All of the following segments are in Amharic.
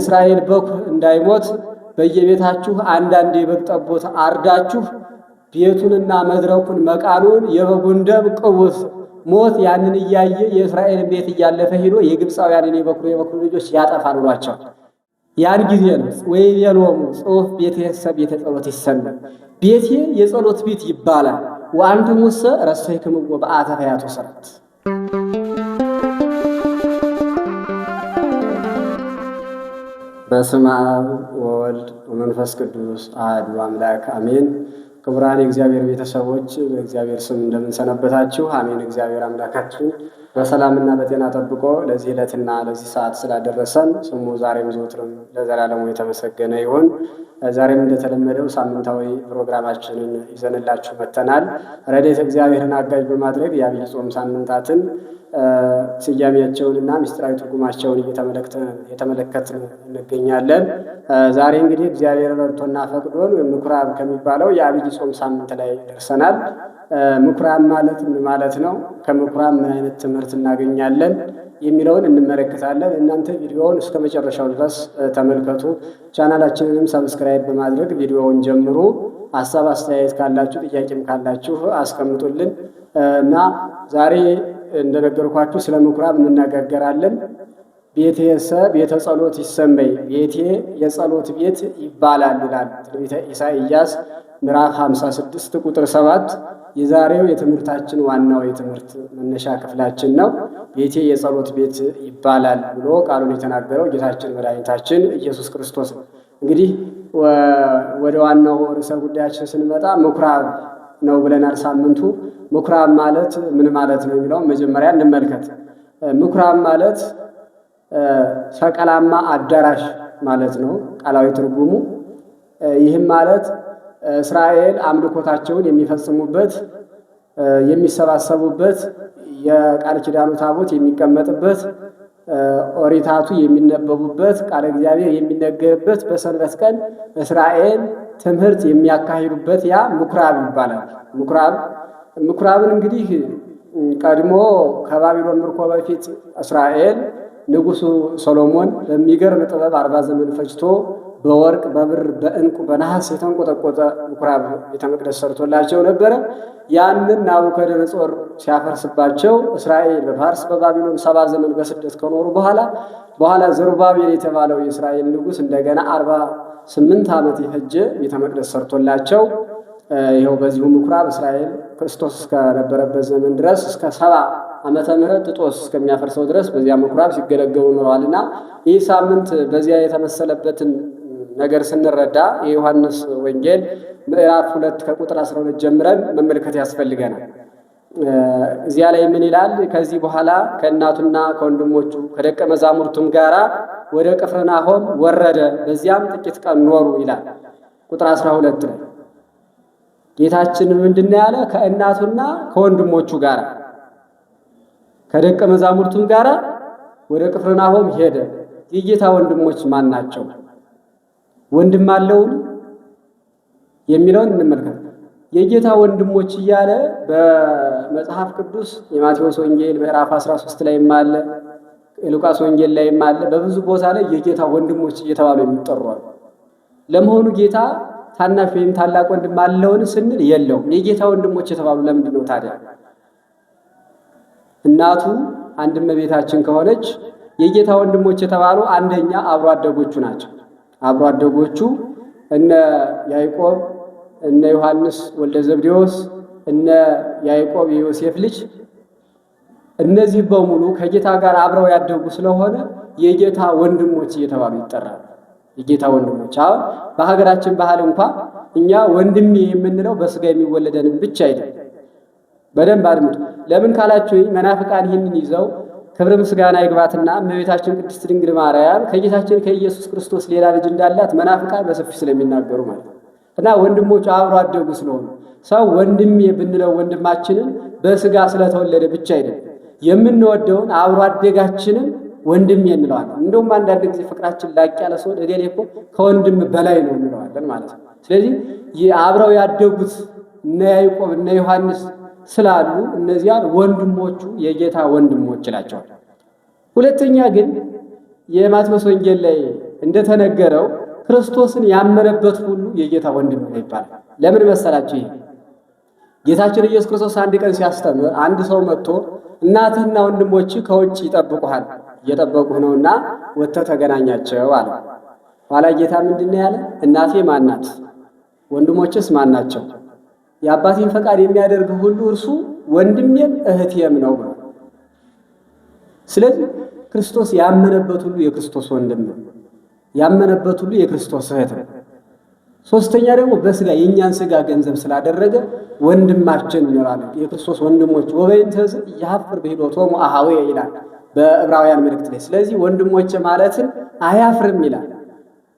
እስራኤል በኩር እንዳይሞት በየቤታችሁ አንዳንድ የበግ ጠቦት አርዳችሁ ቤቱንና መድረኩን መቃኑን የበጉን ደም ቅውስ ሞት ያንን እያየ የእስራኤልን ቤት እያለፈ ሄዶ የግብፃውያንን የበኩር የበኩር ልጆች ያጠፋል ብሏቸው ያን ጊዜ ነው ወይ የሎሙ ጽሑፍ ቤተሰብ ቤተ ጸሎት ይሰኛል። ቤቴ የጸሎት ቤት ይባላል። ሙሰ ረሰይክምዎ በአተ ፈያቱ ሰረት በስመ አብ ወወልድ ወመንፈስ ቅዱስ አህዱ አምላክ አሜን። ክቡራን የእግዚአብሔር ቤተሰቦች በእግዚአብሔር ስም እንደምንሰነበታችሁ አሜን። እግዚአብሔር አምላካችን በሰላምና በጤና ጠብቆ ለዚህ ዕለትና ለዚህ ሰዓት ስላደረሰን ስሙ ዛሬም ዘወትርም ለዘላለሙ የተመሰገነ ይሁን። ዛሬም እንደተለመደው ሳምንታዊ ፕሮግራማችንን ይዘንላችሁ መጥተናል። ረድኤተ እግዚአብሔርን አጋዥ በማድረግ የአብይ ጾም ሳምንታትን ስያሜያቸውንና ምስጢራዊ ትርጉማቸውን እየተመለከትን እንገኛለን። ዛሬ እንግዲህ እግዚአብሔር ረድቶና ፈቅዶን ምኩራብ ከሚባለው የአብይ ጾም ሳምንት ላይ ደርሰናል። ምኩራብ ማለት ምን ማለት ነው? ከምኩራብ ምን አይነት ትምህርት እናገኛለን? የሚለውን እንመለከታለን። እናንተ ቪዲዮውን እስከ መጨረሻው ድረስ ተመልከቱ። ቻናላችንንም ሰብስክራይብ በማድረግ ቪዲዮውን ጀምሩ። ሀሳብ አስተያየት ካላችሁ ጥያቄም ካላችሁ አስቀምጡልን እና ዛሬ እንደነገርኳችሁ ስለ ምኩራብ እንነጋገራለን። ቤቴሰ ቤተ ጸሎት ይሰመይ ቤቴ የጸሎት ቤት ይባላል ይላል ትንቢተ ኢሳይያስ ምዕራፍ 56 ቁጥር 7 የዛሬው የትምህርታችን ዋናው የትምህርት መነሻ ክፍላችን ነው። ቤቴ የጸሎት ቤት ይባላል ብሎ ቃሉን የተናገረው ጌታችን መድኃኒታችን ኢየሱስ ክርስቶስ ነው። እንግዲህ ወደ ዋናው ርዕሰ ጉዳያችን ስንመጣ ምኩራብ ነው ብለናል። ሳምንቱ ምኩራብ ማለት ምን ማለት ነው የሚለውን መጀመሪያ እንመልከት። ምኩራብ ማለት ሰቀላማ አዳራሽ ማለት ነው ቃላዊ ትርጉሙ። ይህም ማለት እስራኤል አምልኮታቸውን የሚፈጽሙበት የሚሰባሰቡበት የቃል ኪዳኑ ታቦት የሚቀመጥበት ኦሪታቱ የሚነበቡበት ቃለ እግዚአብሔር የሚነገርበት በሰንበት ቀን እስራኤል ትምህርት የሚያካሂዱበት ያ ምኩራብ ይባላል። ምኩራብ ምኩራብን እንግዲህ ቀድሞ ከባቢሎን ምርኮ በፊት እስራኤል ንጉሱ ሰሎሞን በሚገርም ጥበብ አርባ ዘመን ፈጅቶ በወርቅ በብር በእንቁ በነሐስ የተንቆጠቆጠ ምኩራብ ቤተ መቅደስ ሰርቶላቸው ነበረ። ያንን ናቡከደነጾር ሲያፈርስባቸው እስራኤል በፋርስ በባቢሎን ሰባ ዘመን በስደት ከኖሩ በኋላ በኋላ ዘሩባቤል የተባለው የእስራኤል ንጉስ እንደገና አርባ ስምንት ዓመት የፈጀ ቤተ መቅደስ ሰርቶላቸው ይኸው በዚሁ ምኩራብ እስራኤል ክርስቶስ እስከነበረበት ዘመን ድረስ እስከ ሰባ ዓመተ ምህረት ጥጦስ እስከሚያፈርሰው ድረስ በዚያ ምኩራብ ሲገለገሉ ኖረዋልና ይህ ሳምንት በዚያ የተመሰለበትን ነገር ስንረዳ የዮሐንስ ወንጌል ምዕራፍ ሁለት ከቁጥር 12 ጀምረን መመልከት ያስፈልገናል። እዚያ ላይ ምን ይላል? ከዚህ በኋላ ከእናቱና ከወንድሞቹ ከደቀ መዛሙርቱም ጋራ ወደ ቅፍርናሆም ወረደ፣ በዚያም ጥቂት ቀን ኖሩ ይላል። ቁጥር 12 ላይ ጌታችን ምንድን ያለ? ከእናቱና ከወንድሞቹ ጋር ከደቀ መዛሙርቱም ጋር ወደ ቅፍርናሆም ሄደ። የጌታ ወንድሞች ማን ናቸው? ወንድም አለውን የሚለውን እንመልከት። የጌታ ወንድሞች እያለ በመጽሐፍ ቅዱስ የማቴዎስ ወንጌል ምዕራፍ 13 ላይም አለ፣ የሉቃስ ወንጌል ላይም አለ። በብዙ ቦታ ላይ የጌታ ወንድሞች እየተባሉ የሚጠሩ ለመሆኑ ጌታ ታናሽ ወይም ታላቅ ወንድም አለውን ስንል የለውም። የጌታ ወንድሞች የተባሉ ለምንድን ነው ታዲያ? እናቱ አንድ እመቤታችን ከሆነች የጌታ ወንድሞች የተባሉ አንደኛ አብሮ አደጎቹ ናቸው። አብሮ አደጎቹ እነ ያዕቆብ፣ እነ ዮሐንስ ወልደ ዘብዴዎስ፣ እነ ያዕቆብ የዮሴፍ ልጅ እነዚህ በሙሉ ከጌታ ጋር አብረው ያደጉ ስለሆነ የጌታ ወንድሞች እየተባሉ ይጠራሉ። የጌታ ወንድሞች አሁን በሀገራችን ባህል እንኳ እኛ ወንድሜ የምንለው በስጋ የሚወለደንም ብቻ አይደለም በደንብ አድምጡ። ለምን ካላችሁኝ መናፍቃን ይህንን ይዘው ክብር ምስጋና ይግባትና እመቤታችን ቅድስት ድንግል ማርያም ከጌታችን ከኢየሱስ ክርስቶስ ሌላ ልጅ እንዳላት መናፍቃን በሰፊ ስለሚናገሩ ማለት ነው እና ወንድሞቹ አብሮ አደጉ ስለሆኑ ሰው ወንድሜ ብንለው ወንድማችንን በስጋ ስለተወለደ ብቻ አይደለም። የምንወደውን አብሮ አደጋችንን ወንድሜ እንለዋለን። እንደውም አንዳንድ ጊዜ ፍቅራችን ላቅ ያለ ሰው እገሌ እኮ ከወንድም በላይ ነው እንለዋለን ማለት ነው። ስለዚህ አብረው ያደጉት እነ ያዕቆብ እነ ዮሐንስ ስላሉ እነዚያን ወንድሞቹ የጌታ ወንድሞች ይላቸዋል። ሁለተኛ ግን የማቴዎስ ወንጌል ላይ እንደተነገረው ክርስቶስን ያመነበት ሁሉ የጌታ ወንድም ነው ይባላል። ለምን መሰላችሁ? ይሄ ጌታችን ኢየሱስ ክርስቶስ አንድ ቀን ሲያስተምር አንድ ሰው መጥቶ እናትህና ወንድሞች ከውጭ ይጠብቁሃል፣ እየጠበቁህ ነውና ወጥተህ ተገናኛቸው አለ። ኋላ ጌታ ምንድን ነው ያለ? እናቴ ማናት? ወንድሞችስ ማናቸው? የአባቴን ፈቃድ የሚያደርግ ሁሉ እርሱ ወንድሜም እህቴም ነው ብሎ ስለዚህ ክርስቶስ ያመነበት ሁሉ የክርስቶስ ወንድም ነው። ያመነበት ሁሉ የክርስቶስ እህት ነው። ሶስተኛ ደግሞ በስጋ የእኛን ስጋ ገንዘብ ስላደረገ ወንድማችን እንላለን። የክርስቶስ ወንድሞች ወበይንተዝ ያፍር በሂዶቶሙ አሃዌ ይላል በዕብራውያን መልእክት ላይ። ስለዚህ ወንድሞች ማለትን አያፍርም ይላል።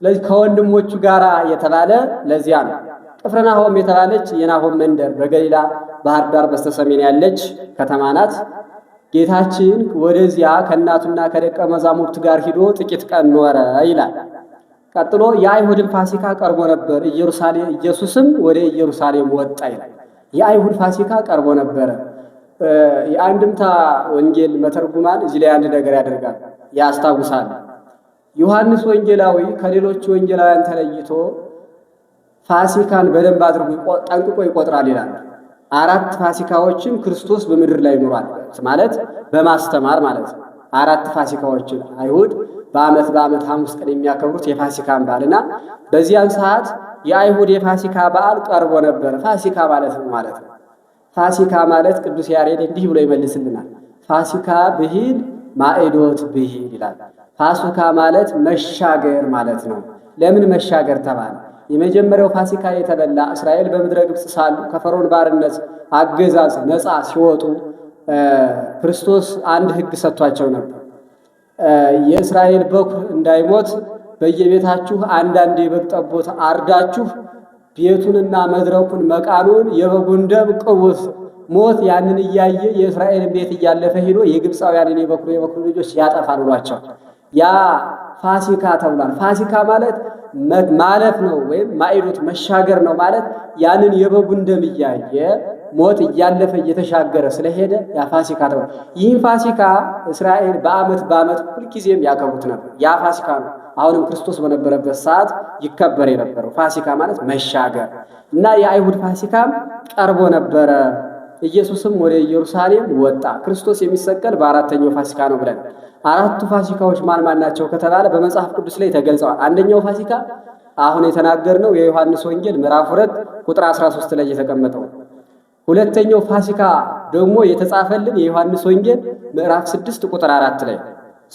ስለዚህ ከወንድሞቹ ጋር የተባለ ለዚያ ነው። ቅፍርናሆም የተባለች የናሆም መንደር በገሊላ ባህር ዳር በስተሰሜን ያለች ከተማ ናት። ጌታችን ወደዚያ ከእናቱና ከደቀ መዛሙርት ጋር ሂዶ ጥቂት ቀን ኖረ ይላል። ቀጥሎ የአይሁድን ፋሲካ ቀርቦ ነበር፣ ኢየሱስም ወደ ኢየሩሳሌም ወጣ ይላል። የአይሁድ ፋሲካ ቀርቦ ነበረ። የአንድምታ ወንጌል መተርጉማን እዚህ ላይ አንድ ነገር ያደርጋል፣ ያስታውሳል። ዮሐንስ ወንጌላዊ ከሌሎች ወንጌላውያን ተለይቶ ፋሲካን በደንብ አድርጎ ጠንቅቆ ይቆጥራል ይላል። አራት ፋሲካዎችን ክርስቶስ በምድር ላይ ኑሯል ማለት በማስተማር ማለት ነው። አራት ፋሲካዎችን አይሁድ በዓመት በዓመት ሐሙስ ቀን የሚያከብሩት የፋሲካን በዓልና በዚያን ሰዓት የአይሁድ የፋሲካ በዓል ቀርቦ ነበር። ፋሲካ ማለት ነው ማለት ነው። ፋሲካ ማለት ቅዱስ ያሬድ እንዲህ ብሎ ይመልስልናል። ፋሲካ ብሂል ማዕዶት ብሂል ይላል። ፋሲካ ማለት መሻገር ማለት ነው። ለምን መሻገር ተባለ? የመጀመሪያው ፋሲካ የተበላ እስራኤል በምድረ ግብፅ ሳሉ ከፈርዖን ባርነት አገዛዝ ነፃ ሲወጡ ክርስቶስ አንድ ሕግ ሰጥቷቸው ነበር። የእስራኤል በኩር እንዳይሞት በየቤታችሁ አንዳንድ የበግ ጠቦት አርዳችሁ ቤቱንና መድረኩን መቃኑን የበጉን ደም ቅውስ ሞት ያንን እያየ የእስራኤልን ቤት እያለፈ ሂዶ የግብፃውያንን የበኩር የበኩር ልጆች ያጠፋል ብሏቸው ያ ፋሲካ ተብሏል። ፋሲካ ማለት ማለፍ ነው ወይም ማዕዶት መሻገር ነው ማለት ያንን የበጉን ደም እያየ ሞት እያለፈ እየተሻገረ ስለሄደ ያ ፋሲካ ተብሎ ይህ ፋሲካ እስራኤል በዓመት በዓመት ሁልጊዜም ያከቡት ነበር። ያ ፋሲካ ነው። አሁንም ክርስቶስ በነበረበት ሰዓት ይከበር የነበረው ፋሲካ ማለት መሻገር እና የአይሁድ ፋሲካም ቀርቦ ነበረ። ኢየሱስም ወደ ኢየሩሳሌም ወጣ። ክርስቶስ የሚሰቀል በአራተኛው ፋሲካ ነው ብለን አራቱ ፋሲካዎች ማን ማን ናቸው ከተባለ በመጽሐፍ ቅዱስ ላይ ተገልጸዋል። አንደኛው ፋሲካ አሁን የተናገርነው የዮሐንስ ወንጌል ምዕራፍ ሁለት ቁጥር 13 ላይ የተቀመጠው። ሁለተኛው ፋሲካ ደግሞ የተጻፈልን የዮሐንስ ወንጌል ምዕራፍ 6 ቁጥር 4 ላይ።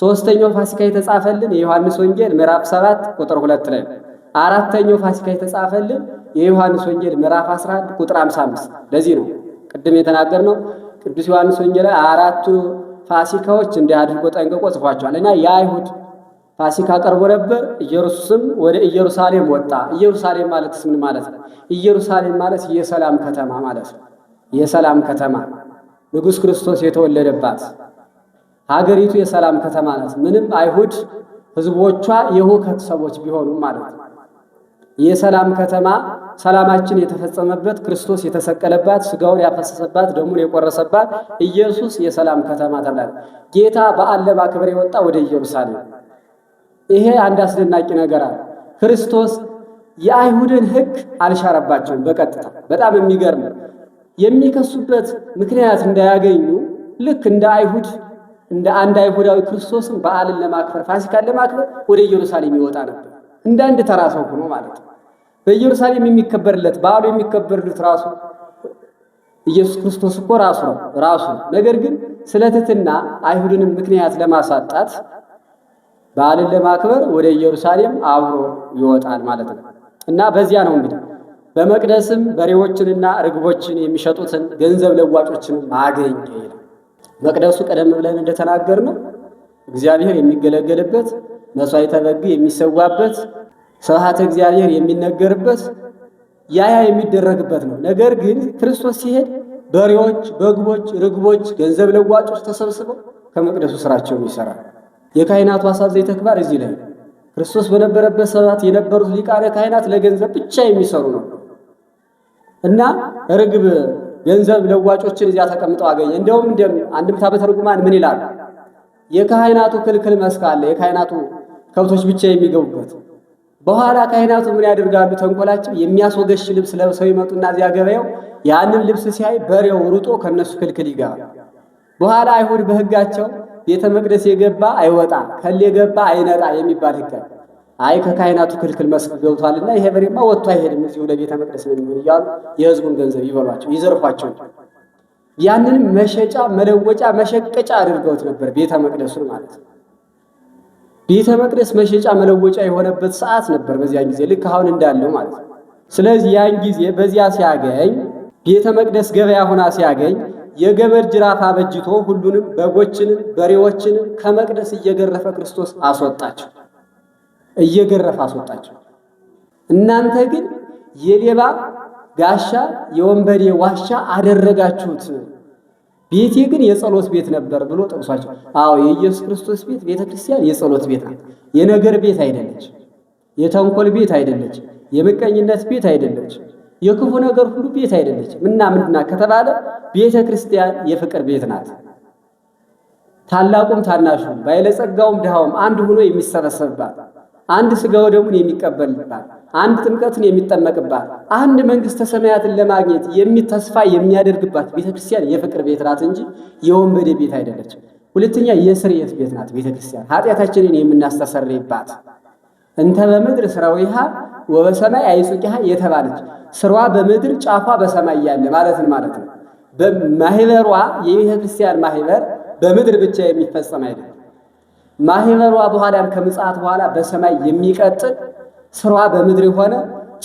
ሶስተኛው ፋሲካ የተጻፈልን የዮሐንስ ወንጌል ምዕራፍ 7 ቁጥር 2 ላይ። አራተኛው ፋሲካ የተጻፈልን የዮሐንስ ወንጌል ምዕራፍ 11 ቁጥር 55 ለዚህ ነው ቅድም የተናገር ነው ቅዱስ ዮሐንስ ወንጌላ አራቱ ፋሲካዎች እንዲህ አድርጎ ጠንቅቆ ጽፏቸዋል እና የአይሁድ ፋሲካ ቀርቦ ነበር። ኢየሱስም ወደ ኢየሩሳሌም ወጣ። ኢየሩሳሌም ማለት ምን ማለት ነው? ኢየሩሳሌም ማለት የሰላም ከተማ ማለት ነው። የሰላም ከተማ ንጉሥ ክርስቶስ የተወለደባት ሀገሪቱ የሰላም ከተማ ናት። ምንም አይሁድ ህዝቦቿ የሁከት ሰዎች ቢሆኑም ማለት ነው የሰላም ከተማ ሰላማችን የተፈጸመበት ክርስቶስ የተሰቀለባት ስጋውን ያፈሰሰባት ደሙን የቆረሰባት ኢየሱስ የሰላም ከተማ ተብላል። ጌታ በዓል ለማክበር የወጣ ወደ ኢየሩሳሌም። ይሄ አንድ አስደናቂ ነገር አለ። ክርስቶስ የአይሁድን ሕግ አልሻረባቸውም በቀጥታ በጣም የሚገርም የሚከሱበት ምክንያት እንዳያገኙ ልክ እንደ አይሁድ እንደ አንድ አይሁዳዊ ክርስቶስም በዓልን ለማክበር ፋሲካን ለማክበር ወደ ኢየሩሳሌም ይወጣ ነበር እንደ አንድ ተራ ሰው ሆኖ ማለት ነው። በኢየሩሳሌም የሚከበርለት በዓሉ የሚከበርለት ራሱ ኢየሱስ ክርስቶስ እኮ ራሱ ነው ራሱ። ነገር ግን ስለ ትሕትና አይሁድንም ምክንያት ለማሳጣት በዓልን ለማክበር ወደ ኢየሩሳሌም አብሮ ይወጣል ማለት ነው። እና በዚያ ነው እንግዲህ በመቅደስም በሬዎችንና ርግቦችን የሚሸጡትን ገንዘብ ለዋጮችን ማገኘ ይላል። መቅደሱ ቀደም ብለን እንደተናገርነው እግዚአብሔር የሚገለገልበት መስዋዕተ በግ የሚሰዋበት ስብሐተ እግዚአብሔር የሚነገርበት ያያ የሚደረግበት ነው። ነገር ግን ክርስቶስ ሲሄድ በሬዎች፣ በግቦች፣ ርግቦች፣ ገንዘብ ለዋጮች ተሰብስበው ከመቅደሱ ስራቸውን ይሰራል። የካህናቱ አሳዘኝ ተግባር እዚህ ላይ ክርስቶስ በነበረበት ሰዓት የነበሩት ሊቃነ ካህናት ለገንዘብ ብቻ የሚሰሩ ነው እና ርግብ ገንዘብ ለዋጮችን እዚያ ተቀምጠው አገኘ። እንደውም እንደም አንድምታ በተርጉማን ምን ይላል? የካህናቱ ክልክል መስክ አለ። የካህናቱ ከብቶች ብቻ የሚገቡበት በኋላ ካህናቱ ምን ያደርጋሉ? ተንኮላቸው የሚያስወገሽ ልብስ ለብሰው ይመጡና እዚያ ገበያው ያንን ልብስ ሲያይ በሬው ሩጦ ከነሱ ክልክል ይገባል። በኋላ አይሁድ በሕጋቸው ቤተ መቅደስ የገባ አይወጣ ከል የገባ አይነጣ የሚባል ሕግ አይ ከካህናቱ ክልክል መስክ ገብቷልና ይሄ በሬማ ወጥቶ አይሄድም እዚሁ ለቤተ መቅደስ ነው የሚሆን እያሉ የሕዝቡን ገንዘብ ይበሏቸው ይዘርፏቸው። ያንን መሸጫ መለወጫ መሸቀጫ አድርገውት ነበር ቤተ መቅደሱን ማለት ነው። ቤተ መቅደስ መሸጫ መለወጫ የሆነበት ሰዓት ነበር። በዚያን ጊዜ ልክ አሁን እንዳለው ማለት ነው። ስለዚህ ያን ጊዜ በዚያ ሲያገኝ ቤተ መቅደስ ገበያ ሆና ሲያገኝ የገመድ ጅራፍ አበጅቶ ሁሉንም በጎችንም በሬዎችንም ከመቅደስ እየገረፈ ክርስቶስ አስወጣቸው፣ እየገረፈ አስወጣቸው። እናንተ ግን የሌባ ጋሻ የወንበዴ ዋሻ አደረጋችሁት ቤቴ ግን የጸሎት ቤት ነበር ብሎ ጠቅሷቸው። አዎ የኢየሱስ ክርስቶስ ቤት ቤተ ክርስቲያን የጸሎት ቤት ናት። የነገር ቤት አይደለች። የተንኮል ቤት አይደለች። የምቀኝነት ቤት አይደለች። የክፉ ነገር ሁሉ ቤት አይደለች። ምና ምንድና ከተባለ ቤተ ክርስቲያን የፍቅር ቤት ናት። ታላቁም ታናሹም ባለጸጋውም ድሃውም አንድ ሆኖ የሚሰበሰብባት አንድ ስጋ ወደሙን የሚቀበልባት፣ አንድ ጥምቀትን የሚጠመቅባት፣ አንድ መንግስተ ሰማያትን ለማግኘት የሚተስፋ የሚያደርግባት ቤተ ክርስቲያን የፍቅር ቤት ናት እንጂ የወንበዴ ቤት አይደለችም። ሁለተኛ የስርየት ቤት ናት ቤተ ክርስቲያን ኃጢአታችንን የምናስተሰርይባት እንተ በምድር ስራዊሃ ወበሰማይ አይጹቂሃ የተባለች ስሯ በምድር ጫፏ በሰማይ ያለ ማለትን ማለት ነው። ማህበሯ የቤተ ክርስቲያን ማህበር በምድር ብቻ የሚፈጸም አይደለም። ማህበሯ በኋላም ከምጽአት በኋላ በሰማይ የሚቀጥል ስሯ በምድር የሆነ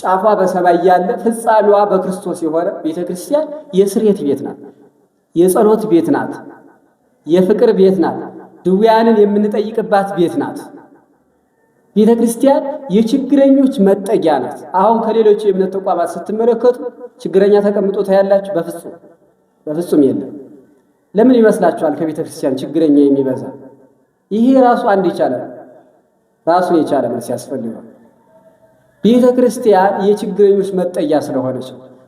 ጫፏ በሰማይ ያለ ፍጻሜዋ በክርስቶስ የሆነ ቤተክርስቲያን የስርየት የስሬት ቤት ናት፣ የጸሎት ቤት ናት፣ የፍቅር ቤት ናት፣ ድውያንን የምንጠይቅባት ቤት ናት። ቤተ ክርስቲያን የችግረኞች መጠጊያ ናት። አሁን ከሌሎች የእምነት ተቋማት ስትመለከቱ ችግረኛ ተቀምጦ ታያላችሁ? በፍጹም በፍጹም የለም። ለምን ይመስላችኋል? ከቤተ ክርስቲያን ችግረኛ የሚበዛ ይሄ ራሱ አንድ የቻለ ራሱን የቻለ መልስ ያስፈልጋል። ቤተ ክርስቲያን የችግረኞች መጠያ ስለሆነች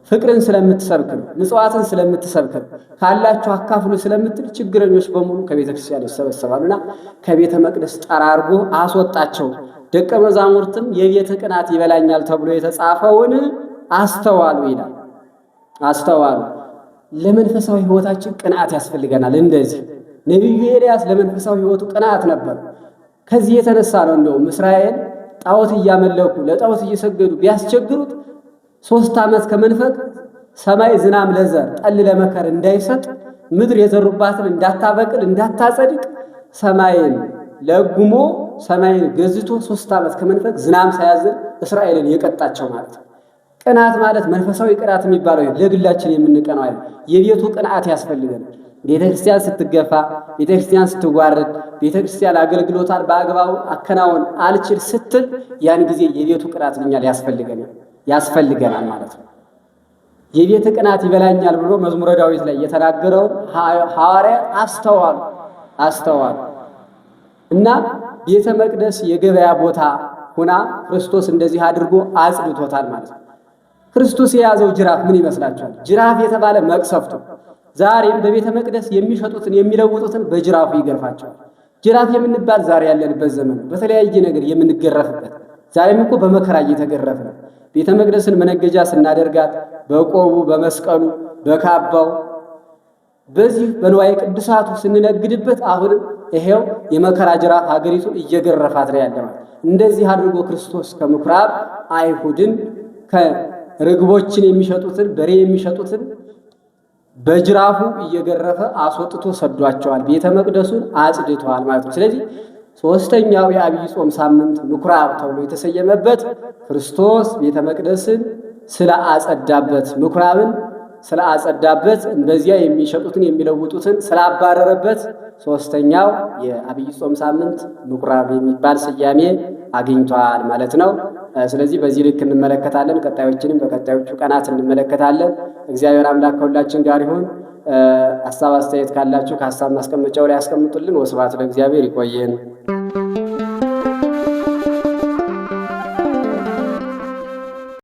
ፍቅርን ስለምትሰብክ ነው፣ ምጽዋትን ስለምትሰብክ ካላችሁ አካፍሉ ስለምትል ችግረኞች በሙሉ ከቤተ ክርስቲያን ይሰበሰባሉና ከቤተ መቅደስ ጠራርጎ አስወጣቸው። ደቀ መዛሙርትም የቤተ ቅናት ይበላኛል ተብሎ የተጻፈውን አስተዋሉ ይላል። አስተዋሉ ለመንፈሳዊ ሕይወታችን ቅናት ያስፈልገናል እንደዚህ ነቢዩ ኤልያስ ለመንፈሳዊ ህይወቱ ቅናት ነበር። ከዚህ የተነሳ ነው እንደውም እስራኤል ጣዖት እያመለኩ ለጣዖት እየሰገዱ ቢያስቸግሩት ሶስት ዓመት ከመንፈቅ ሰማይ ዝናም ለዘር ጠል ለመከር እንዳይሰጥ ምድር የዘሩባትን እንዳታበቅል እንዳታጸድቅ ሰማይን ለጉሞ ሰማይን ገዝቶ ሶስት ዓመት ከመንፈቅ ዝናም ሳያዝን እስራኤልን የቀጣቸው ማለት ነው። ቅናት ማለት መንፈሳዊ ቅናት የሚባለው ለግላችን የምንቀናው አይደል። የቤቱ ቅንዓት ያስፈልገናል። ቤተ ክርስቲያን ስትገፋ፣ ቤተ ክርስቲያን ስትዋረድ፣ ቤተ ክርስቲያን አገልግሎቷን በአግባቡ አከናወን አልችል ስትል ያን ጊዜ የቤቱ ቅናት ልኛል ያስፈልገናል ያስፈልገናል ማለት ነው። የቤት ቅናት ይበላኛል ብሎ መዝሙረ ዳዊት ላይ የተናገረው ሐዋርያ አስተዋሉ አስተዋሉ እና ቤተ መቅደስ የገበያ ቦታ ሆና ክርስቶስ እንደዚህ አድርጎ አጽድቶታል ማለት ነው። ክርስቶስ የያዘው ጅራፍ ምን ይመስላችኋል? ጅራፍ የተባለ መቅሰፍቱ ዛሬም በቤተ መቅደስ የሚሸጡትን የሚለውጡትን በጅራፉ ይገርፋቸዋል። ጅራፍ የምንባል ዛሬ ያለንበት ዘመን በተለያየ ነገር የምንገረፍበት ዛሬም እኮ በመከራ እየተገረፍ ነው። ቤተ መቅደስን መነገጃ ስናደርጋት በቆቡ በመስቀሉ በካባው በዚህ በንዋየ ቅዱሳቱ ስንነግድበት አሁንም ይሄው የመከራ ጅራፍ ሀገሪቱ እየገረፋት ነው ያለ። እንደዚህ አድርጎ ክርስቶስ ከምኩራብ አይሁድን ከርግቦችን የሚሸጡትን በሬ የሚሸጡትን በጅራፉ እየገረፈ አስወጥቶ ሰዷቸዋል። ቤተ መቅደሱን አጽድተዋል ማለት ነው። ስለዚህ ሶስተኛው የአብይ ጾም ሳምንት ምኩራብ ተብሎ የተሰየመበት ክርስቶስ ቤተ መቅደስን ስለ አጸዳበት፣ ምኩራብን ስለ አጸዳበት፣ የሚሸጡትን የሚለውጡትን ስላባረረበት ሶስተኛው የአብይ ጾም ሳምንት ምኩራብ የሚባል ስያሜ አግኝቷል ማለት ነው። ስለዚህ በዚህ ልክ እንመለከታለን። ቀጣዮችንም በቀጣዮቹ ቀናት እንመለከታለን። እግዚአብሔር አምላክ ከሁላችን ጋር ይሁን። ሀሳብ አስተያየት ካላችሁ ከሀሳብ ማስቀመጫው ላይ ያስቀምጡልን። ወስብሐት ለእግዚአብሔር። ይቆየን።